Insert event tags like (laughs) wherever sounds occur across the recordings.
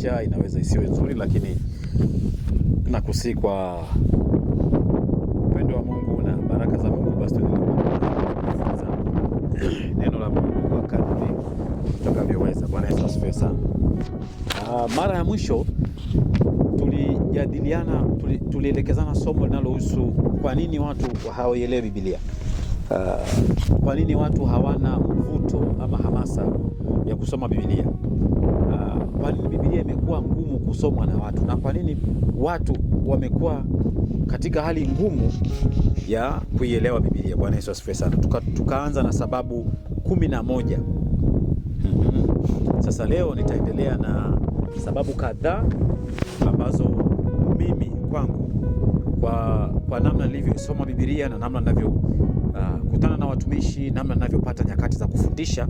picha inaweza isiwe nzuri, lakini nakusii kwa upendo wa Mungu na baraka za Mungu, basi tunajifunza neno la Mungu kwa kadri tutakavyoweza. Bwana Yesu asifiwe sana. Uh, mara ya mwisho tulijadiliana, tulielekezana somo linalohusu kwa nini watu hawaelewi Biblia. Uh, kwa nini watu hawana mvuto ama hamasa ya kusoma Biblia? kwa nini Biblia imekuwa ngumu kusomwa na watu na kwa nini watu wamekuwa katika hali ngumu ya kuielewa Biblia. Bwana Yesu asifiwe sana. Tuka, tukaanza na sababu kumi na moja. mm (laughs) -hmm. Sasa leo nitaendelea na sababu kadhaa ambazo mimi kwangu kwa, kwa namna nilivyosoma Biblia na namna ninavyo uh, na watumishi, namna ninavyopata nyakati za kufundisha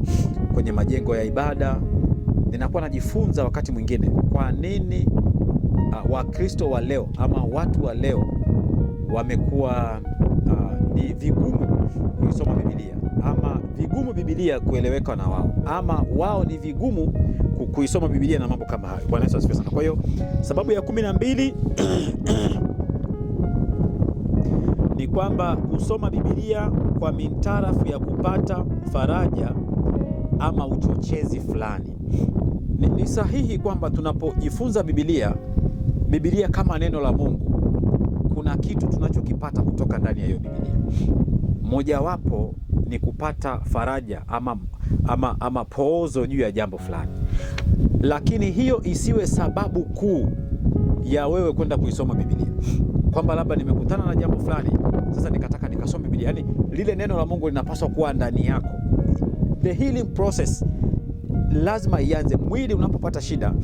kwenye majengo ya ibada ninakuwa najifunza wakati mwingine kwa nini uh, Wakristo wa leo ama watu wa leo wamekuwa uh, ni vigumu kuisoma Biblia ama vigumu Biblia kueleweka na wao ama wao ni vigumu kuisoma Biblia na mambo kama hayo. Bwana Yesu asifiwe sana. Kwa hiyo sababu ya kumi na mbili (clears throat) ni kwamba kusoma Biblia kwa mintarafu ya kupata faraja ama uchochezi fulani ni, ni sahihi kwamba tunapojifunza Biblia, Biblia kama neno la Mungu, kuna kitu tunachokipata kutoka ndani ya hiyo Biblia. Mojawapo ni kupata faraja ama, ama, ama poozo juu ya jambo fulani, lakini hiyo isiwe sababu kuu ya wewe kwenda kuisoma Biblia, kwamba labda nimekutana na jambo fulani, sasa nikataka nikasome Biblia. Yaani lile neno la Mungu linapaswa kuwa ndani yako. The healing process lazima ianze. Mwili unapopata shida,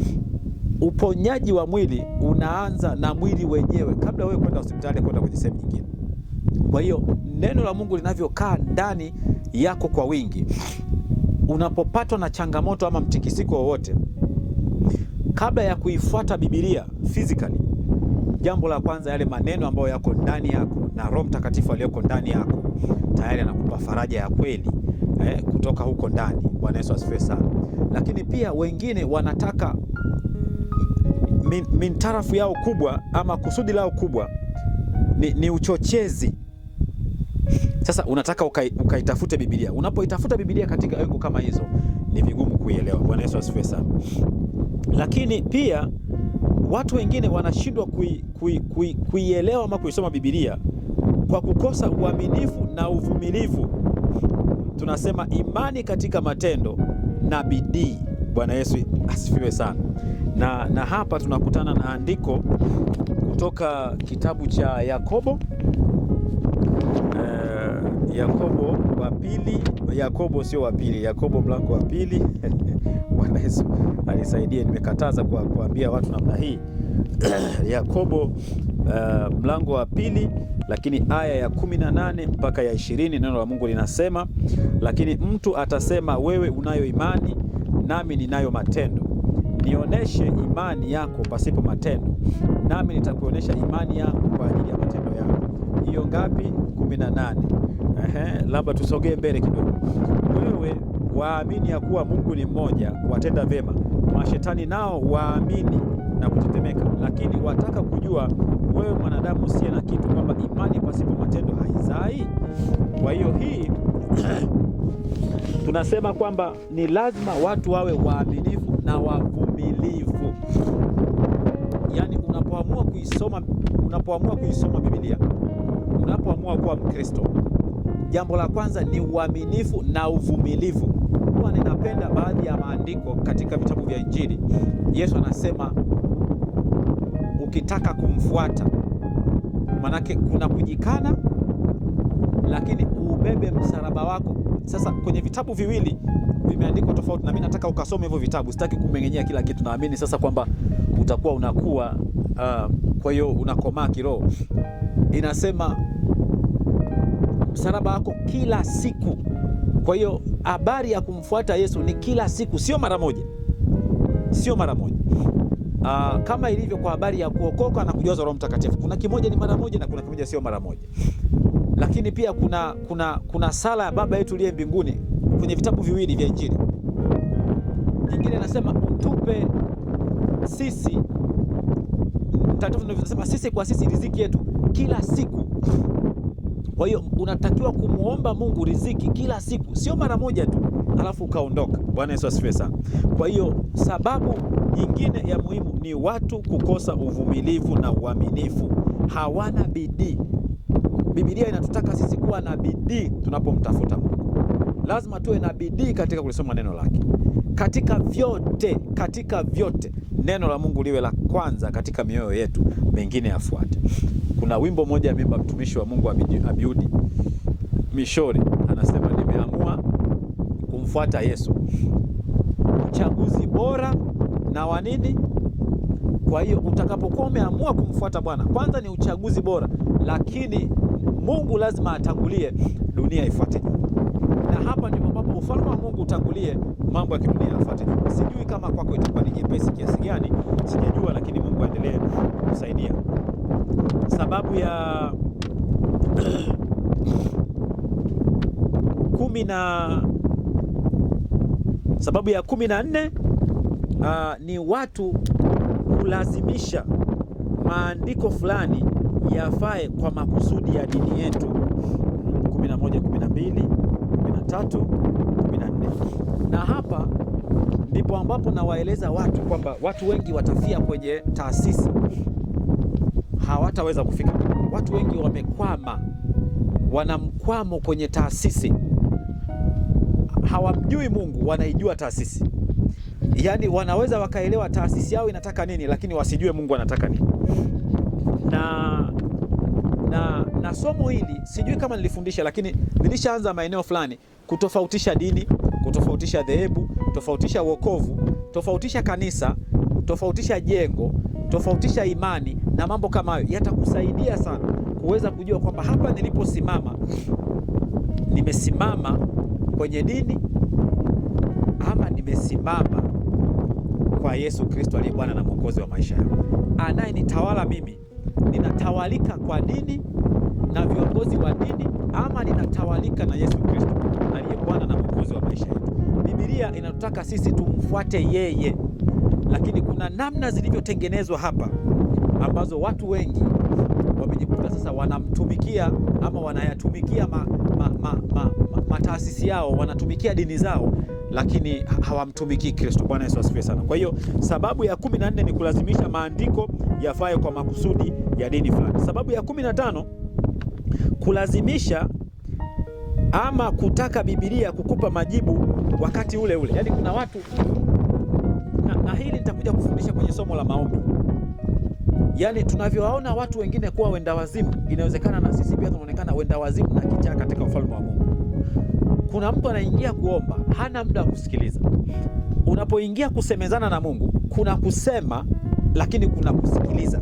uponyaji wa mwili unaanza na mwili wenyewe, kabla wewe kwenda hospitali, kwenda kwenye sehemu nyingine. Kwa hiyo neno la Mungu linavyokaa ndani yako kwa wingi, unapopatwa na changamoto ama mtikisiko wowote, kabla ya kuifuata Biblia physically, jambo la kwanza, yale maneno ambayo yako ndani yako na Roho Mtakatifu aliyoko ndani yako tayari anakupa faraja ya kweli eh, kutoka huko ndani. Bwana Yesu asifiwe sana. Lakini pia wengine wanataka min, mintarafu yao kubwa ama kusudi lao kubwa ni, ni uchochezi. Sasa unataka ukaitafute ukai Biblia. Unapoitafuta Biblia katika engo kama hizo ni vigumu kuielewa. Bwana Yesu asifiwe sana. Lakini pia watu wengine wanashindwa kuielewa kui, kui, kui ama kuisoma Biblia kwa kukosa uaminifu na uvumilivu tunasema imani katika matendo na bidii. Bwana Yesu asifiwe sana. Na, na hapa tunakutana na andiko kutoka kitabu cha Yakobo eh, Yakobo wa pili, Yakobo sio wa pili, Yakobo mlango wa pili (laughs) Rais anisaidie, nimekataza kwa kuambia watu namna hii (clears throat) Yakobo uh, mlango wa pili lakini aya ya kumi na nane mpaka ya ishirini neno la Mungu linasema, lakini mtu atasema wewe unayo imani nami ninayo matendo, nionyeshe imani yako pasipo matendo, nami nitakuonyesha imani yangu kwa ajili ya matendo yako. Hiyo ngapi? kumi na nane. Labda tusogee mbele kidogo. Wewe waamini ya kuwa Mungu ni mmoja watenda vyema, mashetani nao waamini na kutetemeka. Lakini wataka kujua wewe mwanadamu usiye na kitu kwamba imani pasipo matendo haizai. Kwa hiyo hii (clears throat) tunasema kwamba ni lazima watu wawe waaminifu na wavumilivu. Yaani, unapoamua kuisoma unapoamua kuisoma Biblia, unapoamua kuwa Mkristo, jambo la kwanza ni uaminifu na uvumilivu japokuwa ninapenda baadhi ya maandiko katika vitabu vya Injili, Yesu anasema ukitaka kumfuata, manake kuna kujikana, lakini ubebe msalaba wako. Sasa kwenye vitabu viwili vimeandikwa tofauti, na mimi nataka ukasome hivyo vitabu, sitaki kumeng'enyea kila kitu. Naamini sasa kwamba utakuwa unakuwa uh, kwa hiyo unakomaa kiroho. Inasema msalaba wako kila siku kwa hiyo habari ya kumfuata Yesu ni kila siku, sio mara moja, sio mara moja. Uh, kama ilivyo kwa habari ya kuokoka na kujazwa Roho Mtakatifu, kuna kimoja ni mara moja na kuna kimoja sio mara moja. Lakini pia kuna, kuna, kuna sala ya Baba yetu uliye mbinguni kwenye vitabu viwili vya Injili, nyingine nasema utupe sisi, Mtakatifu anasema sisi kwa sisi riziki yetu kila siku. Kwa hiyo unatakiwa kumwomba Mungu riziki kila siku, sio mara moja tu alafu ukaondoka. Bwana Yesu asifiwe sana. Kwa hiyo sababu nyingine ya muhimu ni watu kukosa uvumilivu na uaminifu, hawana bidii. Biblia inatutaka sisi kuwa na bidii tunapomtafuta Mungu, lazima tuwe na bidii katika kulisoma neno lake, katika vyote, katika vyote neno la Mungu liwe la kwanza katika mioyo yetu, mengine yafuate. Kuna wimbo mmoja amemba mtumishi wa Mungu Abiudi Mishori anasema, nimeamua kumfuata Yesu, uchaguzi bora na wa nini? Kwa hiyo utakapokuwa umeamua kumfuata Bwana, kwanza ni uchaguzi bora, lakini Mungu lazima atangulie, dunia ifuate na hapa ndipo ambapo ufalme wa Mungu utangulie, mambo ya kidunia yafuate Sijui kama kwako itakuwa ni jepesi kiasi gani, sijajua, lakini Mungu aendelee kusaidia sababu ya kumi na sababu ya kumi na nne uh, ni watu kulazimisha maandiko fulani yafae kwa makusudi ya dini yetu. tatu, kumi na nne. Na hapa ndipo ambapo nawaeleza watu kwamba watu wengi watafia kwenye taasisi hawataweza kufika. Watu wengi wamekwama, wana mkwamo kwenye taasisi, hawamjui Mungu, wanaijua taasisi. Yaani wanaweza wakaelewa taasisi yao inataka nini, lakini wasijue Mungu anataka nini. Na, na, na somo hili sijui kama nilifundisha, lakini nilishaanza maeneo fulani kutofautisha dini, kutofautisha dhehebu, tofautisha wokovu, tofautisha kanisa, tofautisha jengo tofautisha imani na mambo kama hayo yatakusaidia sana kuweza kujua kwamba hapa niliposimama nimesimama kwenye dini ama nimesimama kwa Yesu Kristo aliye Bwana na Mwokozi wa maisha yangu. Anayenitawala mimi, ninatawalika kwa dini na viongozi wa dini ama ninatawalika na Yesu Kristo aliye Bwana na Mwokozi wa maisha yetu. Biblia inatutaka sisi tumfuate yeye lakini kuna namna zilivyotengenezwa hapa ambazo watu wengi wamejikuta sasa wanamtumikia ama wanayatumikia mataasisi ma, ma, ma, ma, ma yao, wanatumikia dini zao, lakini hawamtumikii Kristo. Bwana Yesu asifiwe sana. Kwa hiyo sababu ya kumi na nne ni kulazimisha maandiko yafae kwa makusudi ya dini fulani. Sababu ya kumi na tano kulazimisha ama kutaka Biblia kukupa majibu wakati ule ule, yaani kuna watu na hili nitakuja kufundisha kwenye somo la maombi. Yaani tunavyowaona watu wengine kuwa wenda wazimu, inawezekana na sisi pia tunaonekana wenda wazimu na kichaa katika ufalme wa Mungu. Kuna mtu anaingia kuomba, hana muda wa kusikiliza. Unapoingia kusemezana na Mungu, kuna kusema lakini kuna kusikiliza.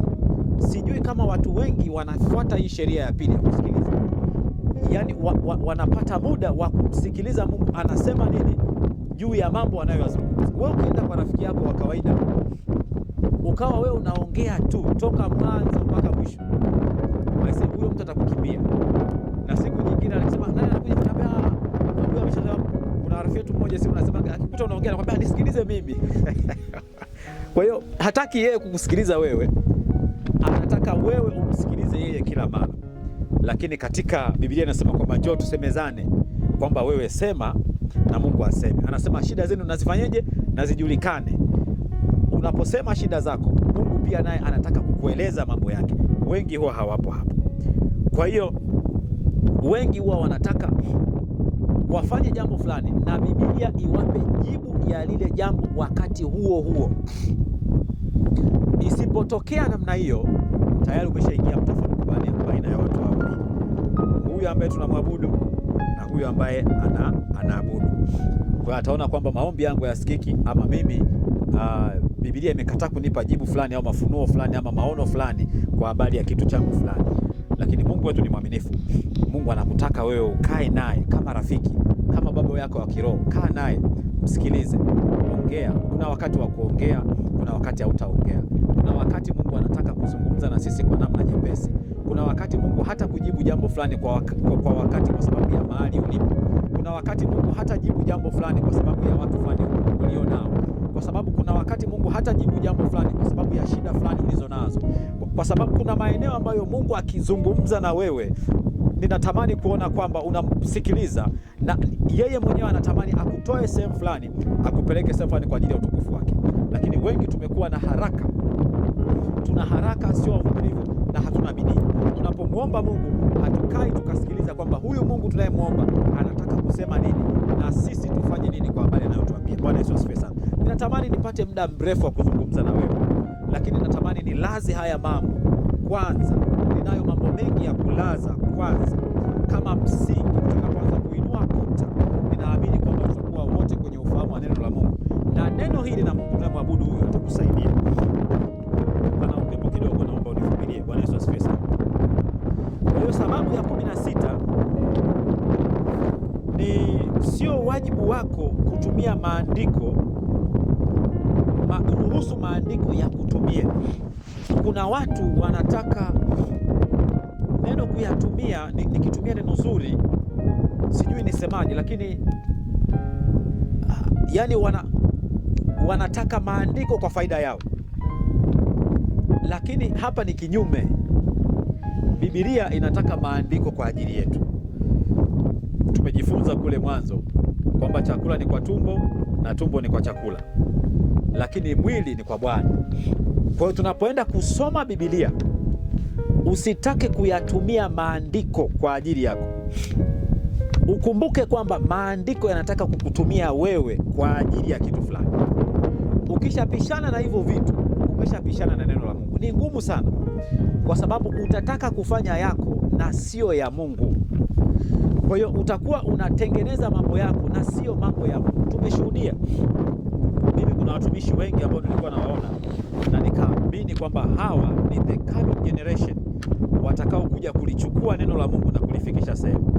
Sijui kama watu wengi wanafuata hii sheria ya pili ya kusikiliza, yaani wa, wa, wanapata muda wa kumsikiliza Mungu anasema nini juu ya mambo wanayoyazungumza. Wewe ukienda kwa rafiki yako wa kawaida ukawa wewe unaongea tu toka mwanzo mpaka mwisho, basi huyo mtu atakukimbia, na siku nyingine anasema nani anakuja ah, kuna rafiki yetu mmoja siku anasemaga akikuta unaongea anakwambia nisikilize mimi. (laughs) Kwa hiyo hataki yeye kukusikiliza wewe, anataka wewe umsikilize yeye kila mara. Lakini katika Biblia inasema kwamba njoo tusemezane, kwamba wewe sema na Mungu aseme. Anasema shida zenu nazifanyeje? Nazijulikane. Unaposema shida zako, Mungu pia naye anataka kukueleza mambo yake. Wengi huwa hawapo hapo. Kwa hiyo wengi huwa wanataka wafanye jambo fulani na Biblia iwape jibu ya lile jambo wakati huo huo. Isipotokea namna hiyo, tayari umeshaingia mtafaruku baina ya watu wawili, huyu ambaye tunamwabudu na huyo ambaye ana, anaabudu. Kwa hiyo ataona kwamba maombi yangu yasikiki, ama mimi uh, Biblia imekataa kunipa jibu fulani au mafunuo fulani ama maono fulani kwa habari ya kitu changu fulani. Lakini Mungu wetu ni mwaminifu. Mungu anakutaka wewe ukae naye kama rafiki, kama baba yako wa kiroho. Kaa naye, msikilize, ongea. Kuna wakati wa kuongea, kuna wakati hautaongea. Kuna wakati Mungu anataka kuzungumza na sisi kwa namna nyepesi. Kuna wakati Mungu hata kujibu jambo fulani kwa, wak kwa wakati kwa sababu ya mahali ulipo. Kuna wakati Mungu hata jibu jambo fulani kwa sababu ya watu fulani ulio nao, kwa sababu kuna wakati Mungu hata jibu jambo fulani kwa sababu ya shida fulani ulizo nazo, kwa sababu kuna maeneo ambayo Mungu akizungumza na wewe ninatamani kuona kwamba unamsikiliza na yeye mwenyewe anatamani akutoe sehemu fulani akupeleke sehemu fulani kwa ajili ya utukufu wake, lakini wengi tumekuwa na haraka, tuna haraka, sio wavumilivu na hatuna bidii. Tunapomwomba Mungu hatukai tukasikiliza kwamba huyu Mungu tunayemwomba anataka kusema nini na sisi tufanye nini kwa habari anayotuambia. Bwana Yesu asifiwe sana. Ninatamani nipate muda mrefu wa kuzungumza na wewe, lakini natamani nilaze haya mambo kwanza. Ninayo mambo mengi ya kulaza kwanza kama msingi. Tutakapoanza kuinua kuta, ninaamini kwamba tutakuwa wote kwenye ufahamu wa neno la Mungu, na neno hili na Mungu tunamwabudu huyu atakusaidia. wajibu wako kutumia maandiko ma, ruhusu maandiko ya kutumia. Kuna watu wanataka neno kuyatumia, nikitumia neno zuri sijui nisemaje, lakini ah, yani wana, wanataka maandiko kwa faida yao, lakini hapa ni kinyume. Biblia inataka maandiko kwa ajili yetu. Tumejifunza kule mwanzo kwamba chakula ni kwa tumbo na tumbo ni kwa chakula, lakini mwili ni kwa Bwana. Kwa hiyo tunapoenda kusoma Biblia, usitake kuyatumia maandiko kwa ajili yako. Ukumbuke kwamba maandiko yanataka kukutumia wewe kwa ajili ya kitu fulani. Ukishapishana na hivyo vitu, umeshapishana na neno la Mungu. Ni ngumu sana, kwa sababu utataka kufanya yako na siyo ya Mungu. Kwa hiyo utakuwa unatengeneza mambo yako na sio mambo yako. Tumeshuhudia, mimi kuna watumishi wengi ambao nilikuwa nawaona na nikaamini kwamba hawa ni the coming generation watakao kuja kulichukua neno la Mungu na kulifikisha sehemu.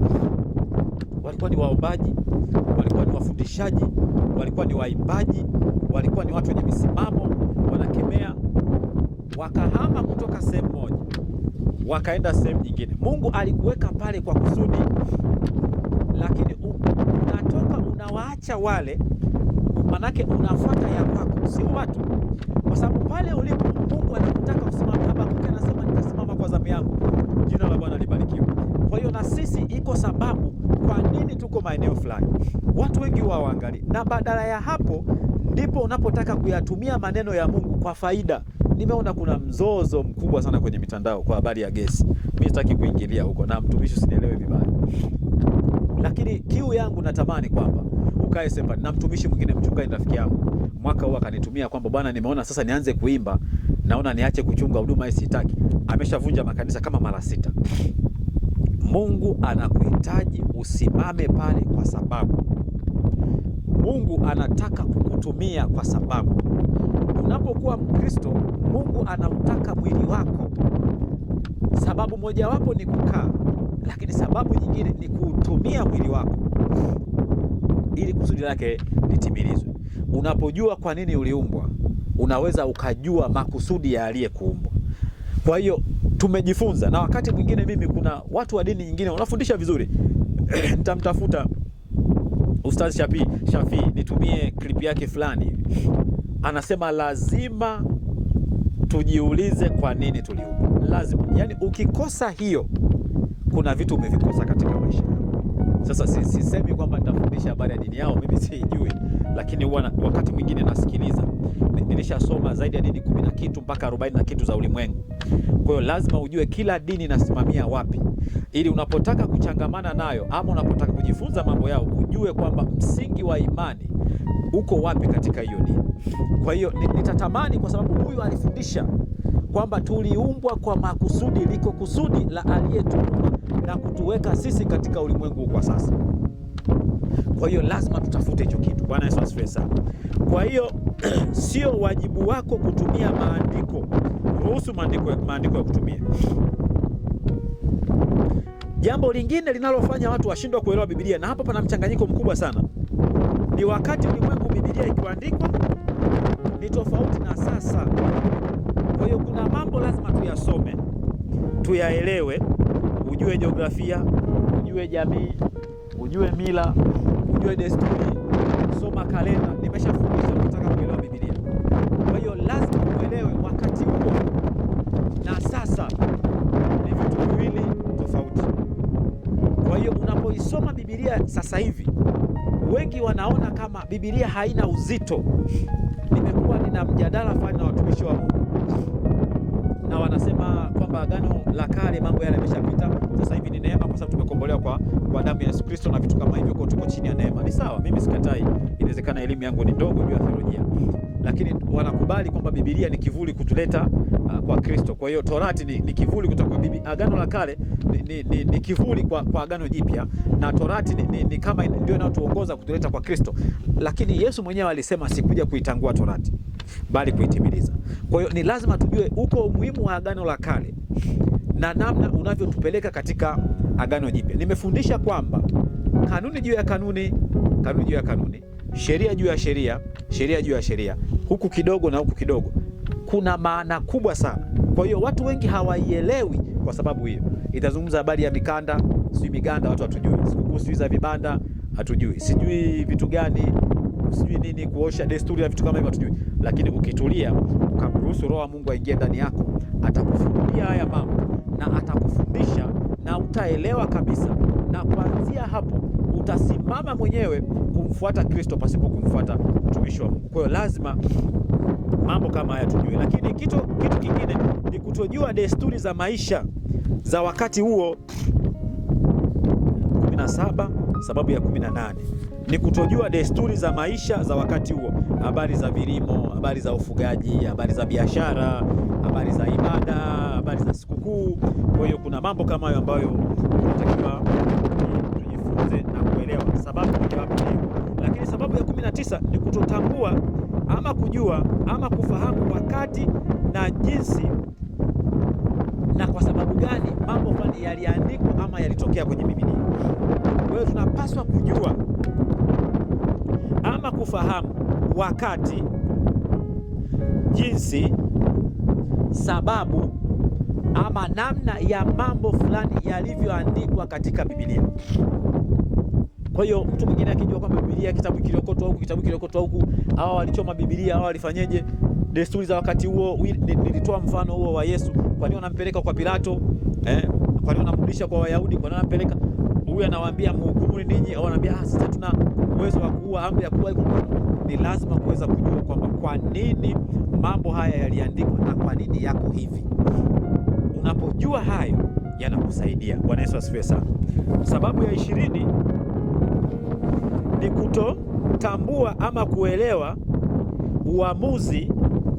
Walikuwa ni waombaji, walikuwa ni wafundishaji, walikuwa ni waimbaji, walikuwa ni watu wenye misimamo, wanakemea, wakahama kutoka sehemu moja wakaenda sehemu nyingine. Mungu alikuweka pale kwa kusudi, lakini unatoka unawaacha wale, manake unafuata ya kwako, sio watu, kwa sababu pale ulipo Mungu anakutaka usimame. Habakuki anasema nitasimama kwa zamu yangu, jina la Bwana libarikiwe. Kwa hiyo na sisi iko sababu kwa nini tuko maeneo fulani, watu wengi wawangali na badala ya hapo ndipo unapotaka kuyatumia maneno ya Mungu kwa faida nimeona kuna mzozo mkubwa sana kwenye mitandao kwa habari ya gesi. Mimi sitaki kuingilia huko, na mtumishi usinielewe vibaya, lakini kiu yangu natamani kwamba ukae sema na mtumishi mwingine, mchungaji rafiki yangu mwaka huu akanitumia kwamba bwana, nimeona sasa nianze kuimba, naona niache kuchunga huduma hii, sitaki. Ameshavunja makanisa kama mara sita. Mungu anakuhitaji usimame pale, kwa sababu Mungu anataka kukutumia, kwa sababu unapokuwa Mkristo, Mungu anautaka mwili wako. Sababu mojawapo ni kukaa, lakini sababu nyingine ni kuutumia mwili wako ili kusudi lake litimilizwe. Unapojua kwa nini uliumbwa, unaweza ukajua makusudi ya aliyekuumbwa. Kwa hiyo tumejifunza, na wakati mwingine mimi, kuna watu wa dini nyingine wanafundisha vizuri (coughs) nitamtafuta ustazi Shafii shafii nitumie klipu yake fulani anasema lazima tujiulize kwa nini tuliumbwa. Lazima yani, ukikosa hiyo, kuna vitu umevikosa katika maisha. Sasa sisemi kwamba nitafundisha habari ya dini yao, mimi siijui, lakini wana, wakati mwingine nasikiliza, nilishasoma zaidi ya dini kumi na kitu mpaka arobaini na kitu za ulimwengu. Kwa hiyo lazima ujue kila dini inasimamia wapi, ili unapotaka kuchangamana nayo ama unapotaka kujifunza mambo yao ujue kwamba msingi wa imani uko wapi katika hiyo dini? Kwa hiyo nitatamani, kwa sababu huyu alifundisha kwamba tuliumbwa kwa makusudi, liko kusudi la aliyetuumba na kutuweka sisi katika ulimwengu kwa sasa. Kwa hiyo lazima tutafute hicho kitu. Bwana Yesu asifiwe sana. Kwa hiyo (clears throat) sio wajibu wako kutumia maandiko, ruhusu maandiko maandiko ya kutumia. Jambo lingine linalofanya watu washindwa kuelewa Biblia, na hapa pana mchanganyiko mkubwa sana, ni wakati ulimwengu Biblia ikiandikwa ni tofauti na sasa. Kwa hiyo kuna mambo lazima tuyasome, tuyaelewe, ujue jiografia, ujue jamii, ujue mila, ujue desturi, soma kalenda. Nimeshafundisha kutaka kuelewa Biblia. Kwa hiyo lazima uelewe wakati huo na sasa ni vitu viwili tofauti. Kwa hiyo unapoisoma Biblia sasa hivi wengi wanaona kama Biblia haina uzito. Nimekuwa nina mjadala fani na watumishi wa Mungu na wanasema kwamba Agano la Kale mambo yale yameshapita, sasa hivi ni neema, kwa sababu tumekombolewa kwa, kwa damu ya Yesu Kristo na vitu kama hivyo, kwa tuko chini ya neema. Ni sawa, mimi sikatai. Inawezekana elimu yangu ni ndogo juu ya theolojia lakini wanakubali kwamba Biblia ni kivuli kutuleta uh, kwa Kristo. Kwa hiyo Torati ni, ni kivuli kutoka kwa Biblia. Agano la Kale ni, ni, ni, ni kivuli kwa, kwa Agano Jipya, na Torati ni, ni, ni kama ndio inayotuongoza kutuleta kwa Kristo, lakini Yesu mwenyewe alisema sikuja kuitangua Torati bali kuitimiliza. Kwa hiyo ni lazima tujue uko umuhimu wa Agano la Kale na namna unavyotupeleka katika Agano Jipya. Nimefundisha kwamba kanuni juu ya kanuni, kanuni juu ya kanuni sheria juu ya sheria, sheria juu ya sheria, huku kidogo na huku kidogo, kuna maana kubwa sana. Kwa hiyo watu wengi hawaielewi kwa sababu hiyo. Itazungumza habari ya mikanda, sijui miganda, watu hatujui, sikukuu sijui za vibanda, hatujui, sijui vitu gani, sijui nini, kuosha desturi ya vitu kama hivyo, hatujui. Lakini ukitulia ukamruhusu Roho Mungu aingie ndani yako, atakufunulia haya mambo na atakufundisha na utaelewa kabisa, na kuanzia hapo utasi mama mwenyewe kumfuata Kristo pasipo kumfuata mtumishi wa Mungu. Kwa hiyo lazima mambo kama haya tujue, lakini kitu, kitu kingine ni kutojua desturi za maisha za wakati huo. 17 sababu ya 18 ni kutojua desturi za maisha za wakati huo, habari za vilimo, habari za ufugaji, habari za biashara, habari za ibada, habari za sikukuu. Kwa hiyo kuna mambo kama hayo ambayo unatakiwa sababu mojawapo hiyo, lakini sababu ya kumi na tisa ni kutotambua ama kujua ama kufahamu wakati na jinsi na kwa sababu gani mambo fulani yaliandikwa ama yalitokea kwenye Biblia. Kwa hiyo tunapaswa kujua ama kufahamu wakati, jinsi, sababu ama namna ya mambo fulani yalivyoandikwa katika Biblia. Kwa hiyo mtu mwingine akijua kwamba Biblia kitabu kiliokotwa huku, kitabu kiliokotwa huku, hawa walichoma Biblia, hawa walifanyeje, desturi za wakati huo. Nilitoa mfano huo wa Yesu, kwa nini wanampeleka kwa Pilato eh? Kwa nini wanamrudisha kwa Wayahudi? Kwa nini wanampeleka huyu? Anawaambia mhukumu ninyi, au ah, sisi hatuna uwezo wa kuua, amri ya kuua iko Ni lazima kuweza kujua kwamba kwa nini mambo haya yaliandikwa na kwa nini yako hivi. Unapojua hayo yanakusaidia. Bwana Yesu asifiwe sana. Sababu ya ishirini ni kutotambua ama kuelewa uamuzi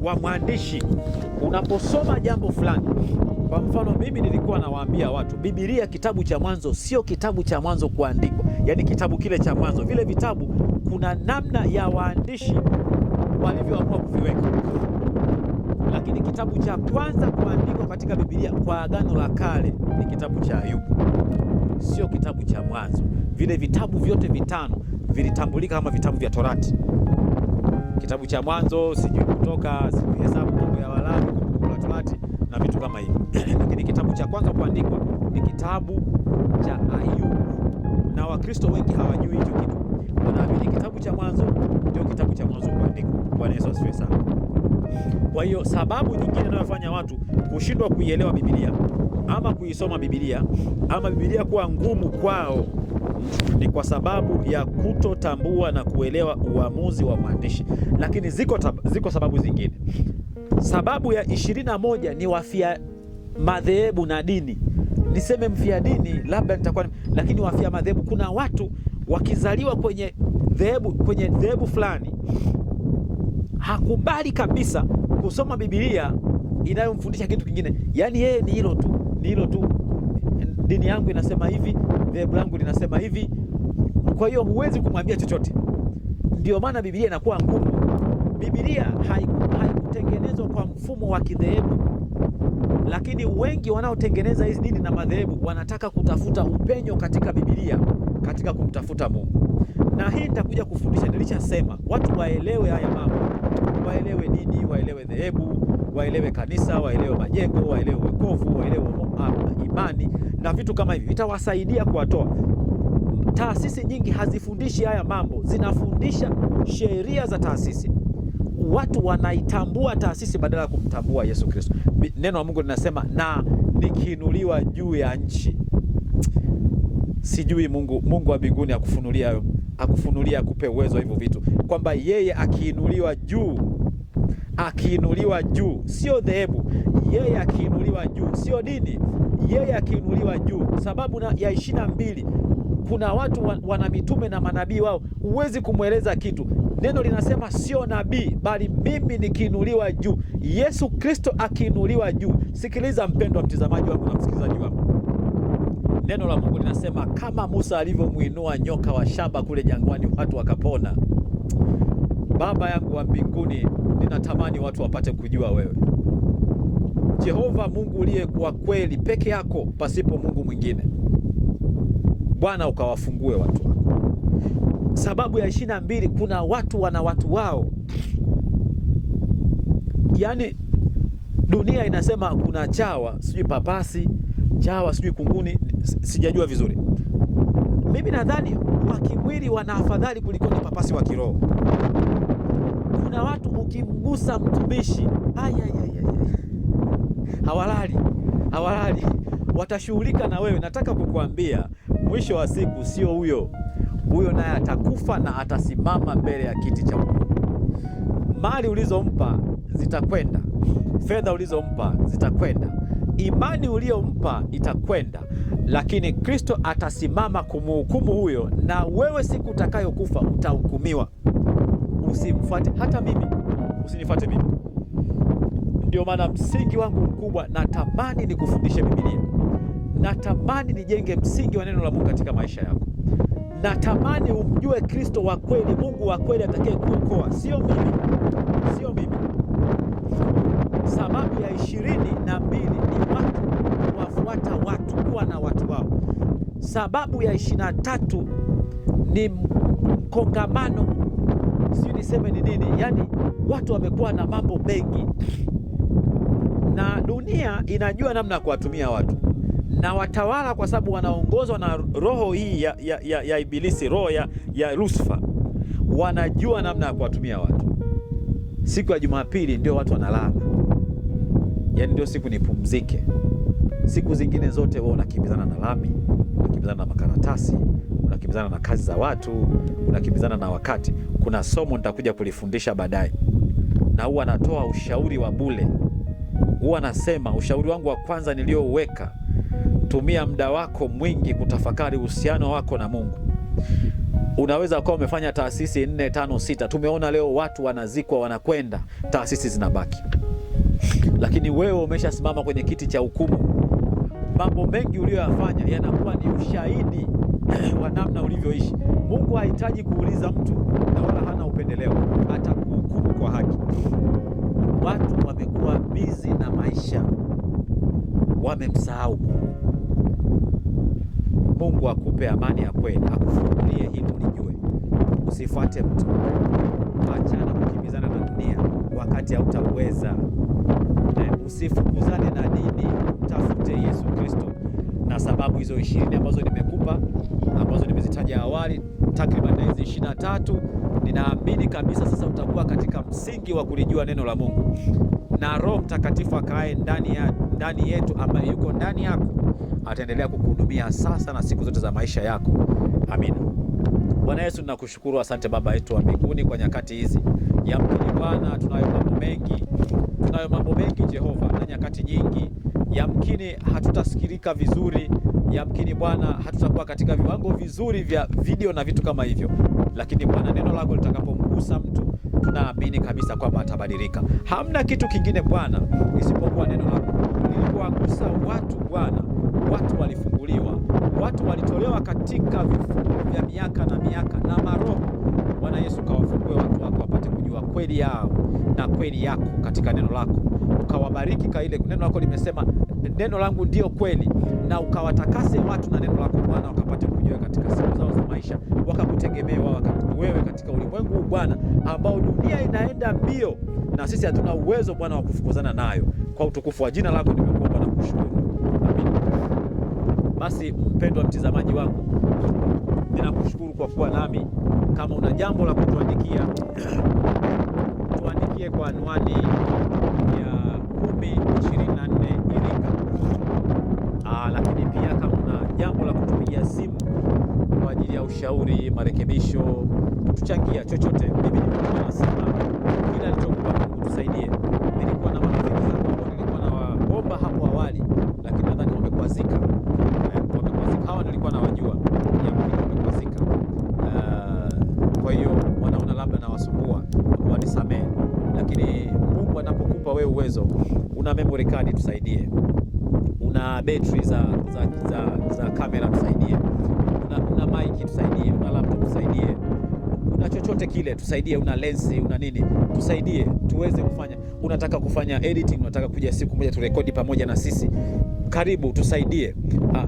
wa mwandishi unaposoma jambo fulani. Kwa mfano, mimi nilikuwa nawaambia watu Biblia kitabu cha Mwanzo sio kitabu cha mwanzo kuandikwa, yaani kitabu kile cha mwanzo, vile vitabu kuna namna ya waandishi walivyoamua kuviweka, lakini kitabu cha kwanza kuandikwa katika Biblia kwa Agano la Kale ni kitabu cha Ayubu, sio kitabu cha Mwanzo. Vile vitabu vyote vitano vilitambulika kama vitabu vya Torati, kitabu cha Mwanzo, sijui Kutoka, sijui Hesabu, mambo ya Walawi, Kumbukumbu la Torati na vitu kama hivi (clears throat) lakini kitabu cha kwanza kuandikwa ni kitabu cha Ayubu, na Wakristo wengi hawajui hicho kitu, wanaamini kitabu cha Mwanzo ndio kitabu cha mwanzo kuandikwa. Bwana Yesu asifiwe sana. Kwa hiyo sababu nyingine inayofanya watu kushindwa kuielewa Biblia ama kuisoma Biblia ama Biblia kuwa ngumu kwao ni kwa sababu ya kutotambua na kuelewa uamuzi wa mwandishi, lakini ziko, tab, ziko sababu zingine. Sababu ya ishirini na moja ni wafia madhehebu na dini. Niseme mfia dini labda nitakuwa, lakini wafia madhehebu, kuna watu wakizaliwa kwenye dhehebu kwenye dhehebu fulani hakubali kabisa kusoma Biblia inayomfundisha kitu kingine, yaani yeye ni hilo tu, ni hilo tu dini yangu inasema hivi, dhehebu langu linasema hivi. Kwa hiyo huwezi kumwambia chochote. Ndio maana Biblia inakuwa ngumu. Biblia haikutengenezwa kwa mfumo wa kidhehebu, lakini wengi wanaotengeneza hizi dini na madhehebu wanataka kutafuta upenyo katika Biblia katika kumtafuta Mungu, na hii nitakuja kufundisha. Nilishasema watu waelewe haya mambo, waelewe dini, waelewe dhehebu waelewe kanisa, waelewe majengo, waelewe wokovu, waelewe imani na vitu kama hivi, vitawasaidia kuwatoa. Taasisi nyingi hazifundishi haya mambo, zinafundisha sheria za taasisi. Watu wanaitambua taasisi badala ya kumtambua Yesu Kristo. Neno la Mungu linasema na nikiinuliwa juu ya nchi. Sijui Mungu, Mungu wa mbinguni akufunulia, akufunulia, akupe uwezo hivyo vitu, kwamba yeye akiinuliwa juu akiinuliwa juu, sio dhehebu, yeye akiinuliwa juu, sio dini, yeye akiinuliwa juu. Sababu na, ya ishirini na mbili, kuna watu wa, wana mitume na manabii wao, huwezi kumweleza kitu. Neno linasema sio nabii, bali mimi nikiinuliwa juu, Yesu Kristo akiinuliwa juu. Sikiliza mpendwa mtizamaji wangu na msikilizaji wangu, neno la Mungu linasema kama Musa alivyomwinua nyoka wa shaba kule jangwani, watu wakapona. Baba yangu wa mbinguni ninatamani watu wapate kujua wewe, Jehova Mungu uliye wa kweli peke yako, pasipo Mungu mwingine. Bwana ukawafungue watu wako. Sababu ya ishirini na mbili, kuna watu wana watu wao, yaani dunia inasema kuna chawa sijui papasi chawa sijui kunguni, sijajua vizuri mimi. Nadhani wa kimwili wana afadhali kuliko ni papasi wa kiroho kuna watu ukimgusa mtumishi hawalali, hawalali, watashughulika na wewe. Nataka kukuambia mwisho wa siku sio huyo huyo, naye atakufa na atasimama mbele ya kiti cha hukumu. Mali ulizompa zitakwenda, fedha ulizompa zitakwenda, imani uliyompa itakwenda, lakini Kristo atasimama kumhukumu huyo, na wewe siku utakayokufa utahukumiwa usimfuate hata mimi, usinifuate mimi. Ndio maana msingi wangu mkubwa, natamani nikufundishe Biblia, natamani nijenge msingi wa neno la Mungu katika maisha yako, natamani umjue Kristo wa kweli, Mungu wa kweli atakaye kuokoa, sio mimi, sio mimi. Sababu ya ishirini na mbili ni watu wafuata watu, kuwa na watu wao. Sababu ya ishirini na tatu ni mkongamano sijui niseme ni nini. Yani watu wamekuwa na mambo mengi, na dunia inajua namna ya kuwatumia watu na watawala, kwa sababu wanaongozwa na roho hii ya, ya, ya, ya Ibilisi, roho ya, ya Lusifa. Wanajua namna ya kuwatumia watu. Siku ya Jumapili ndio watu wanalala, yani ndio siku nipumzike. Siku zingine zote wao unakimbizana na lami, unakimbizana na makaratasi unakimbizana na kazi za watu, unakimbizana na wakati. Kuna somo nitakuja kulifundisha baadaye, na huwa natoa ushauri wa bule Huwa nasema ushauri wangu wa kwanza niliyouweka, tumia muda wako mwingi kutafakari uhusiano wako na Mungu. Unaweza kuwa umefanya taasisi nne tano sita. Tumeona leo watu wanazikwa, wanakwenda, taasisi zinabaki, lakini wewe umeshasimama kwenye kiti cha hukumu. Mambo mengi uliyoyafanya yanakuwa ni ushahidi Eh, wa namna ulivyoishi. Mungu hahitaji kuuliza mtu na wala hana upendeleo, atakuhukumu kwa haki. Watu wamekuwa bizi na maisha, wamemsahau Mungu. Mungu akupe amani ya kweli, akufungulie hili ulijue. Usifuate mtu, achana kukimbizana na dunia wakati hautauweza. Eh, usifukuzane na dini, mtafute Yesu Kristo na sababu hizo ishirini ambazo nimekupa ambazo nimezitaja awali, takriban hizi ishirini na tatu, ninaamini kabisa sasa utakuwa katika msingi wa kulijua neno la Mungu na Roho Mtakatifu akae ndani, ya, ndani yetu ambaye yuko ndani yako ataendelea kukuhudumia sasa na siku zote za maisha yako. Amina. Bwana Yesu, ninakushukuru. Asante Baba yetu wa mbinguni kwa nyakati hizi. Yamkini Bwana, tunayo mambo mengi, tunayo mambo mengi Jehova, na nyakati nyingi yamkini hatutasikirika vizuri yamkini Bwana hatutakuwa katika viwango vizuri vya video na vitu kama hivyo, lakini Bwana neno lako litakapomgusa mtu tunaamini kabisa kwamba atabadilika. Hamna kitu kingine Bwana isipokuwa neno lako. Lilipowagusa watu Bwana, watu walifunguliwa, watu walitolewa katika vifungo vya miaka na miaka na maroho. Bwana Yesu, kawafungue watu wako wapate kujua kweli yao na kweli yako katika neno lako, ukawabariki. Kaile neno lako limesema neno langu ndio kweli, na ukawatakase watu na neno lako Bwana, wakapate kujua katika siku zao za maisha, wakakutegemea wewe katika ulimwengu huu Bwana, ambao dunia inaenda mbio na sisi hatuna uwezo Bwana wa kufukuzana nayo. Kwa utukufu wa jina lako nimekuomba na kushukuru, amina. Basi mpendwa mtizamaji wangu, ninakushukuru kwa kuwa nami. Kama una jambo la kutuandikia, tuandikie kwa anwani ya kumi ishirini na nne ajili ya ushauri, marekebisho, kutuchangia chochote. Mimi nimekuwa nasema kila alichokupa Mungu tusaidie. Nilikuwa na marafiki zangu ambao nilikuwa nawaomba hapo awali, lakini nadhani wamekwazika, eh, wamekwazika. Hawa nilikuwa nawajua wamekwazika, eh, kwa hiyo wanaona labda nawasumbua, wanisamehe. Lakini Mungu anapokupa wewe uwezo, una memory card tusaidie, una betri za, za, za kile, tusaidie, una lensi una nini, tusaidie tuweze kufanya. Unataka kufanya editing, unataka kuja siku moja turekodi pamoja na sisi, karibu tusaidie. Aa,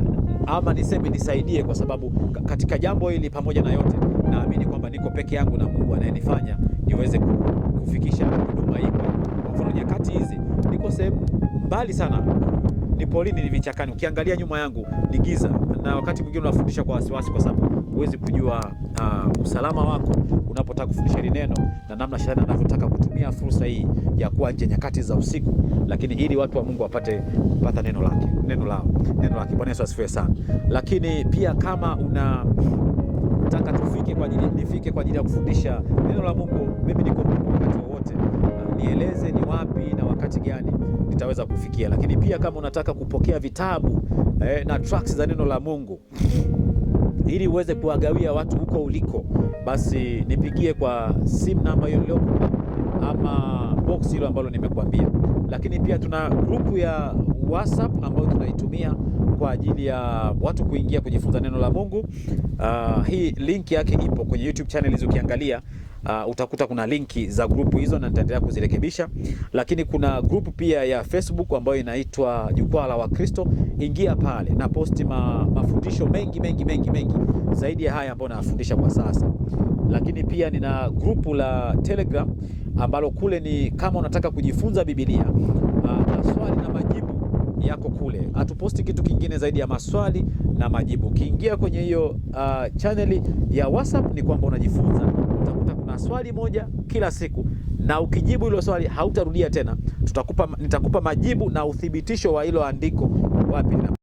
ah, ama niseme nisaidie, kwa sababu katika jambo hili, pamoja na yote, naamini kwamba niko peke yangu na Mungu anayenifanya niweze kufikisha huduma hii. Kwa mfano, nyakati hizi niko sehemu mbali sana ni polini, ni vichakani. Ukiangalia nyuma yangu ni giza, na wakati mwingine unafundisha kwa wasiwasi, kwa sababu huwezi kujua uh, usalama wako unapotaka kufundisha hili neno na namna shetani anavyotaka kutumia fursa hii ya kuwa nje nyakati za usiku, lakini ili watu wa Mungu wapate kupata neno lake, neno lao, neno lake. Bwana Yesu asifiwe sana. Lakini pia kama una taka tufike kwa ajili nifike kwa ajili ya kufundisha neno la Mungu, mimi niko wakati wowote, uh, nieleze ni wapi na wakati gani nitaweza kufikia. Lakini pia kama unataka kupokea vitabu eh, na tracks za neno la Mungu ili uweze kuwagawia watu huko uliko, basi nipigie kwa simu namba hiyo iliyokupa ama box hilo ambalo nimekuambia. Lakini pia tuna grupu ya WhatsApp ambayo tunaitumia kwa ajili ya watu kuingia kujifunza neno la Mungu. Uh, hii link yake ipo kwenye YouTube channel hizo, ukiangalia uh, utakuta kuna linki za grupu hizo na nitaendelea kuzirekebisha, lakini kuna grupu pia ya Facebook ambayo inaitwa Jukwaa la Wakristo. Ingia pale na posti ma, mafundisho mengi mengi mengi mengi zaidi ya haya ambayo nafundisha kwa sasa, lakini pia nina grupu la Telegram ambalo kule ni kama unataka kujifunza Biblia uh, maswali na majibu yako kule, hatuposti kitu kingine zaidi ya maswali na majibu. Ukiingia kwenye hiyo uh, chaneli ya WhatsApp ni kwamba unajifunza swali moja kila siku, na ukijibu hilo swali hautarudia tena. Tutakupa, nitakupa majibu na uthibitisho wa hilo andiko wapi